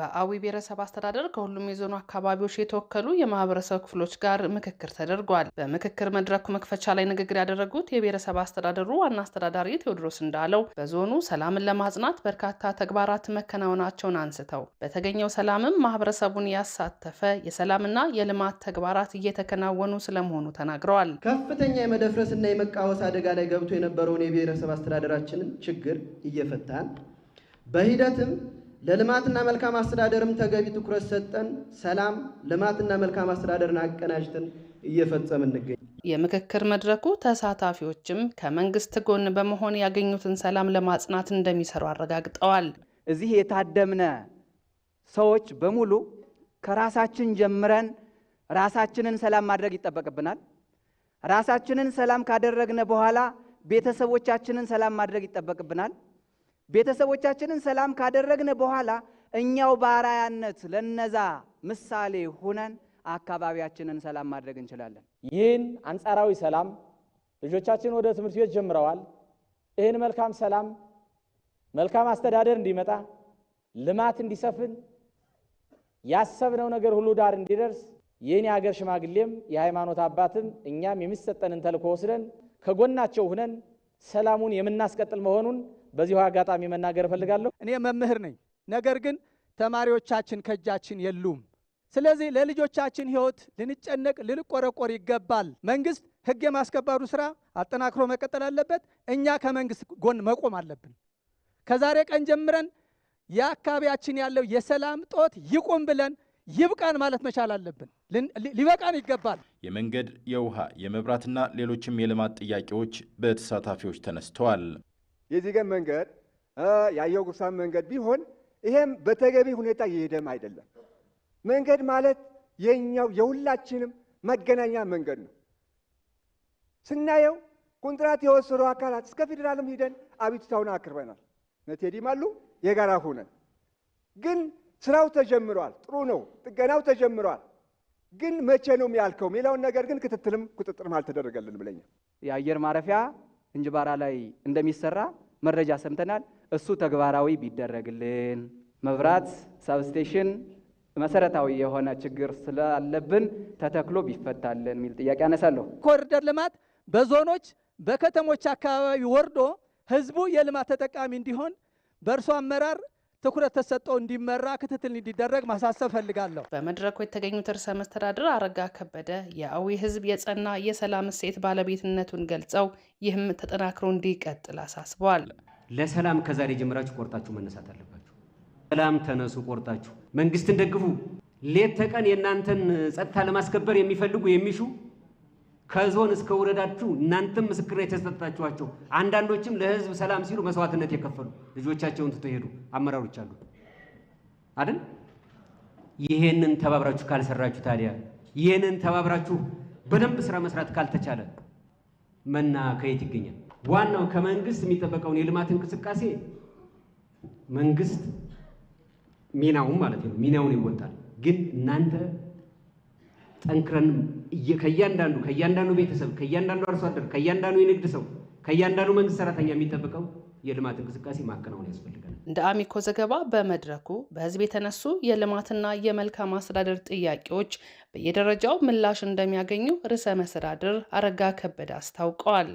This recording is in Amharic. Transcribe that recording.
በአዊ ብሔረሰብ አስተዳደር ከሁሉም የዞኑ አካባቢዎች የተወከሉ የማህበረሰብ ክፍሎች ጋር ምክክር ተደርጓል። በምክክር መድረኩ መክፈቻ ላይ ንግግር ያደረጉት የብሔረሰብ አስተዳደሩ ዋና አስተዳዳሪ ቴዎድሮስ እንዳለው በዞኑ ሰላምን ለማጽናት በርካታ ተግባራት መከናወናቸውን አንስተው በተገኘው ሰላምም ማህበረሰቡን ያሳተፈ የሰላምና የልማት ተግባራት እየተከናወኑ ስለመሆኑ ተናግረዋል። ከፍተኛ የመደፍረስና የመቃወስ አደጋ ላይ ገብቶ የነበረውን የብሔረሰብ አስተዳደራችንን ችግር እየፈታን በሂደትም ለልማትና መልካም አስተዳደርም ተገቢ ትኩረት ሰጠን ሰላም፣ ልማትና መልካም አስተዳደርን አቀናጅተን እየፈጸም እንገኝ። የምክክር መድረኩ ተሳታፊዎችም ከመንግስት ጎን በመሆን ያገኙትን ሰላም ለማጽናት እንደሚሰሩ አረጋግጠዋል። እዚህ የታደምነ ሰዎች በሙሉ ከራሳችን ጀምረን ራሳችንን ሰላም ማድረግ ይጠበቅብናል። ራሳችንን ሰላም ካደረግነ በኋላ ቤተሰቦቻችንን ሰላም ማድረግ ይጠበቅብናል። ቤተሰቦቻችንን ሰላም ካደረግን በኋላ እኛው ባራያነት ለነዛ ምሳሌ ሁነን አካባቢያችንን ሰላም ማድረግ እንችላለን። ይህን አንጻራዊ ሰላም ልጆቻችን ወደ ትምህርት ቤት ጀምረዋል። ይህን መልካም ሰላም፣ መልካም አስተዳደር እንዲመጣ ልማት እንዲሰፍን ያሰብነው ነገር ሁሉ ዳር እንዲደርስ ይህን የሀገር ሽማግሌም የሃይማኖት አባትም እኛም የሚሰጠንን ተልእኮ ወስደን ከጎናቸው ሁነን ሰላሙን የምናስቀጥል መሆኑን በዚሁ አጋጣሚ መናገር እፈልጋለሁ። እኔ መምህር ነኝ፣ ነገር ግን ተማሪዎቻችን ከእጃችን የሉም። ስለዚህ ለልጆቻችን ሕይወት ልንጨነቅ ልንቆረቆር ይገባል። መንግስት ሕግ የማስከበሩ ስራ አጠናክሮ መቀጠል አለበት። እኛ ከመንግስት ጎን መቆም አለብን። ከዛሬ ቀን ጀምረን የአካባቢያችን ያለው የሰላም ጦት ይቁም ብለን ይብቃን ማለት መቻል አለብን። ሊበቃን ይገባል። የመንገድ የውሃ የመብራትና ሌሎችም የልማት ጥያቄዎች በተሳታፊዎች ተነስተዋል። የዜገን መንገድ ያየው ጉሳን መንገድ ቢሆን ይሄም በተገቢ ሁኔታ የሄደም አይደለም። መንገድ ማለት የኛው የሁላችንም መገናኛ መንገድ ነው። ስናየው ኮንትራት የወሰዱ አካላት እስከ ፌዴራልም ሂደን አቤቱታውን አቅርበናል። ነቴዲም አሉ የጋራ ሆነን ግን ስራው ተጀምሯል። ጥሩ ነው። ጥገናው ተጀምሯል። ግን መቼ ነው ያልከው የሚለውን ነገር ግን ክትትልም ቁጥጥርም አልተደረገልን ብለኛል። የአየር ማረፊያ እንጅባራ ላይ እንደሚሰራ መረጃ ሰምተናል። እሱ ተግባራዊ ቢደረግልን መብራት ሳብስቴሽን መሰረታዊ የሆነ ችግር ስላለብን ተተክሎ ቢፈታልን የሚል ጥያቄ አነሳለሁ። ኮሪደር ልማት በዞኖች በከተሞች አካባቢ ወርዶ ህዝቡ የልማት ተጠቃሚ እንዲሆን በእርሶ አመራር ትኩረት ተሰጠው እንዲመራ ክትትል እንዲደረግ ማሳሰብ ፈልጋለሁ። በመድረኩ የተገኙት ርዕሰ መስተዳድር አረጋ ከበደ የአዊ ሕዝብ የጸና የሰላም እሴት ባለቤትነቱን ገልጸው ይህም ተጠናክሮ እንዲቀጥል አሳስበዋል። ለሰላም ከዛሬ ጀምራችሁ ቆርጣችሁ መነሳት አለባችሁ። ሰላም ተነሱ፣ ቆርጣችሁ መንግስትን ደግፉ። ሌት ተቀን የእናንተን ጸጥታ ለማስከበር የሚፈልጉ የሚሹ ከዞን እስከ ወረዳችሁ እናንተም ምስክርነት የተሰጣችኋቸው አንዳንዶችም ለህዝብ ሰላም ሲሉ መስዋዕትነት የከፈሉ ልጆቻቸውን ትቶ ሄዱ አመራሮች አሉ አይደል? ይሄንን ተባብራችሁ ካልሰራችሁ ታዲያ ይሄንን ተባብራችሁ በደንብ ስራ መስራት ካልተቻለ መና ከየት ይገኛል? ዋናው ከመንግስት የሚጠበቀውን የልማት እንቅስቃሴ መንግስት ሚናውን ማለት ነው ሚናውን ይወጣል። ግን እናንተ ጠንክረን ከእያንዳንዱ ከእያንዳንዱ ቤተሰብ ከእያንዳንዱ አርሶ አደር ከእያንዳንዱ የንግድ ሰው ከእያንዳንዱ መንግስት ሰራተኛ የሚጠበቀው የልማት እንቅስቃሴ ማከናወን ያስፈልጋል። እንደ አሚኮ ዘገባ በመድረኩ በህዝብ የተነሱ የልማትና የመልካም አስተዳደር ጥያቄዎች በየደረጃው ምላሽ እንደሚያገኙ ርዕሰ መስተዳድር አረጋ ከበደ አስታውቀዋል።